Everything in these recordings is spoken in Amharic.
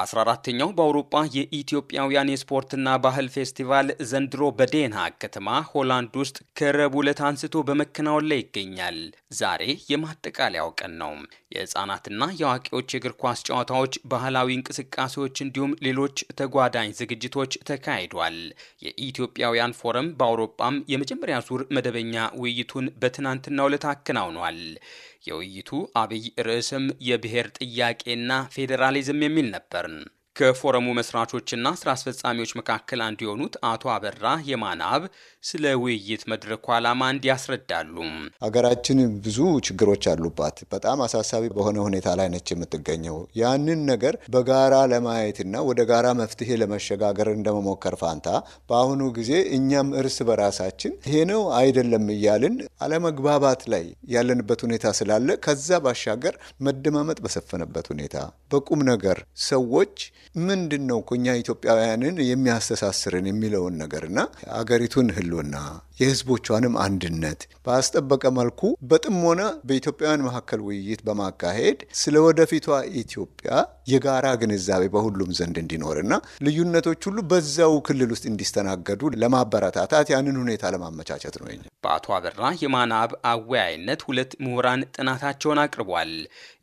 አስራ አራተኛው በአውሮፓ የኢትዮጵያውያን የስፖርትና ባህል ፌስቲቫል ዘንድሮ በዴንሃግ ከተማ ሆላንድ ውስጥ ከረቡዕ ዕለት አንስቶ በመከናወን ላይ ይገኛል። ዛሬ የማጠቃለያው ቀን ነው። የህፃናትና የአዋቂዎች የእግር ኳስ ጨዋታዎች፣ ባህላዊ እንቅስቃሴዎች እንዲሁም ሌሎች ተጓዳኝ ዝግጅቶች ተካሂዷል። የኢትዮጵያውያን ፎረም በአውሮፓም የመጀመሪያ ዙር መደበኛ ውይይቱን በትናንትናው ዕለት አከናውኗል። የውይይቱ አብይ ርዕስም የብሔር ጥያቄና ፌዴራሊዝም የሚል ነበር። ከፎረሙ መስራቾችና ስራ አስፈጻሚዎች መካከል አንዱ የሆኑት አቶ አበራ የማናብ ስለ ውይይት መድረኩ ዓላማ እንዲህ ያስረዳሉ። ሀገራችን ብዙ ችግሮች አሉባት። በጣም አሳሳቢ በሆነ ሁኔታ ላይ ነች የምትገኘው። ያንን ነገር በጋራ ለማየትና ወደ ጋራ መፍትሄ ለመሸጋገር እንደመሞከር ፋንታ በአሁኑ ጊዜ እኛም እርስ በራሳችን ይሄ ነው አይደለም እያልን አለመግባባት ላይ ያለንበት ሁኔታ ስላለ ከዛ ባሻገር መደማመጥ በሰፈነበት ሁኔታ በቁም ነገር ሰዎች ምንድን ነው እኛ ኢትዮጵያውያንን የሚያስተሳስርን የሚለውን ነገርና አገሪቱን ህልውና የህዝቦቿንም አንድነት ባስጠበቀ መልኩ በጥሞና በኢትዮጵያውያን መካከል ውይይት በማካሄድ ስለ ወደፊቷ ኢትዮጵያ የጋራ ግንዛቤ በሁሉም ዘንድ እንዲኖርና ልዩነቶች ሁሉ በዛው ክልል ውስጥ እንዲስተናገዱ ለማበረታታት ያንን ሁኔታ ለማመቻቸት ነው። በአቶ አበራ የማናብ አወያይነት ሁለት ምሁራን ጥናታቸውን አቅርቧል።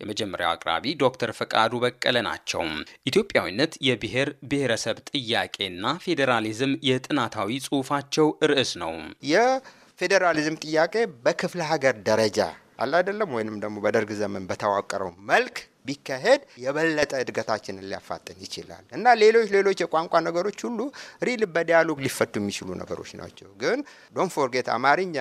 የመጀመሪያው አቅራቢ ዶክተር ፈቃዱ በቀለ ናቸው። ኢትዮጵያዊ አይነት የብሔር ብሔረሰብ ጥያቄና ፌዴራሊዝም የጥናታዊ ጽሁፋቸው ርዕስ ነው። የፌዴራሊዝም ጥያቄ በክፍለ ሀገር ደረጃ አለ አይደለም ወይንም ደግሞ በደርግ ዘመን በተዋቀረው መልክ ቢካሄድ የበለጠ እድገታችንን ሊያፋጥን ይችላል እና ሌሎች ሌሎች የቋንቋ ነገሮች ሁሉ ሪል በዲያሎግ ሊፈቱ የሚችሉ ነገሮች ናቸው። ግን ዶን ፎርጌት አማርኛ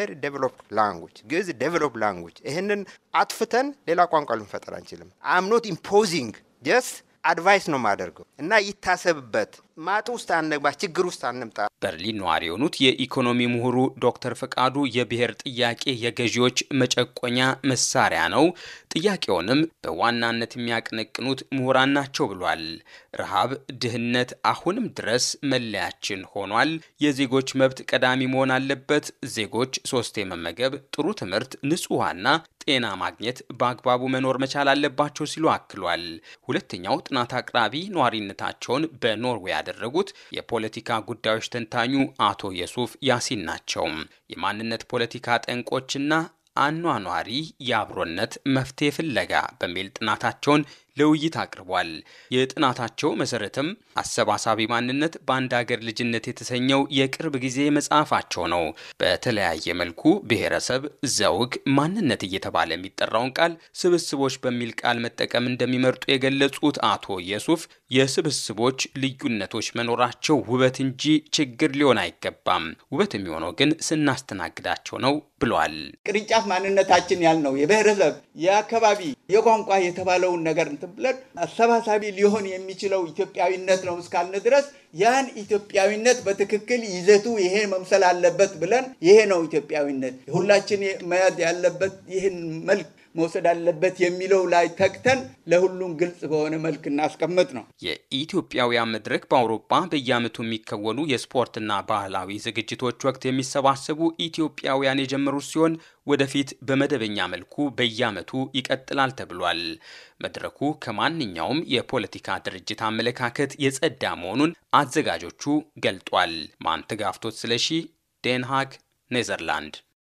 ቨሪ ዴቨሎፕ ላንጉጅ፣ ግዝ ዴቨሎፕ ላንጉጅ። ይህንን አጥፍተን ሌላ ቋንቋ ልንፈጠር አንችልም። አምኖት ኢምፖዚንግ ጀስት አድቫይስ ነው የማደርገው እና ይታሰብበት። ማጥ ውስጥ አንግባ፣ ችግር ውስጥ አንምጣ። በርሊን ነዋሪ የሆኑት የኢኮኖሚ ምሁሩ ዶክተር ፈቃዱ የብሔር ጥያቄ የገዢዎች መጨቆኛ መሳሪያ ነው፣ ጥያቄውንም በዋናነት የሚያቀነቅኑት ምሁራን ናቸው ብሏል። ረሃብ፣ ድህነት አሁንም ድረስ መለያችን ሆኗል። የዜጎች መብት ቀዳሚ መሆን አለበት። ዜጎች ሶስቴ መመገብ፣ ጥሩ ትምህርት፣ ንጹህ ጤና ማግኘት በአግባቡ መኖር መቻል አለባቸው ሲሉ አክሏል። ሁለተኛው ጥናት አቅራቢ ነዋሪነታቸውን በኖርዌይ ያደረጉት የፖለቲካ ጉዳዮች ተንታኙ አቶ የሱፍ ያሲን ናቸው። የማንነት ፖለቲካ ጠንቆችና አኗኗሪ የአብሮነት መፍትሄ ፍለጋ በሚል ጥናታቸውን ለውይይት አቅርቧል። የጥናታቸው መሰረትም አሰባሳቢ ማንነት በአንድ አገር ልጅነት የተሰኘው የቅርብ ጊዜ መጽሐፋቸው ነው። በተለያየ መልኩ ብሔረሰብ፣ ዘውግ፣ ማንነት እየተባለ የሚጠራውን ቃል ስብስቦች በሚል ቃል መጠቀም እንደሚመርጡ የገለጹት አቶ ኢየሱፍ የስብስቦች ልዩነቶች መኖራቸው ውበት እንጂ ችግር ሊሆን አይገባም፣ ውበት የሚሆነው ግን ስናስተናግዳቸው ነው ብሏል። ቅርንጫፍ ማንነታችን ያልነው የብሔረሰብ የአካባቢ የቋንቋ የተባለውን ነገር ማለትም ብለን አሰባሳቢ ሊሆን የሚችለው ኢትዮጵያዊነት ነው እስካልን ድረስ ያን ኢትዮጵያዊነት በትክክል ይዘቱ ይሄ መምሰል አለበት ብለን ይሄ ነው ኢትዮጵያዊነት ሁላችን መያዝ ያለበት ይህን መልክ መውሰድ አለበት የሚለው ላይ ተግተን ለሁሉም ግልጽ በሆነ መልክ እናስቀምጥ ነው። የኢትዮጵያውያን መድረክ በአውሮፓ በየዓመቱ የሚከወኑ የስፖርትና ባህላዊ ዝግጅቶች ወቅት የሚሰባሰቡ ኢትዮጵያውያን የጀመሩት ሲሆን ወደፊት በመደበኛ መልኩ በየዓመቱ ይቀጥላል ተብሏል። መድረኩ ከማንኛውም የፖለቲካ ድርጅት አመለካከት የጸዳ መሆኑን አዘጋጆቹ ገልጧል። ማንተጋፍቶት ስለሺ ዴንሃግ ኔዘርላንድ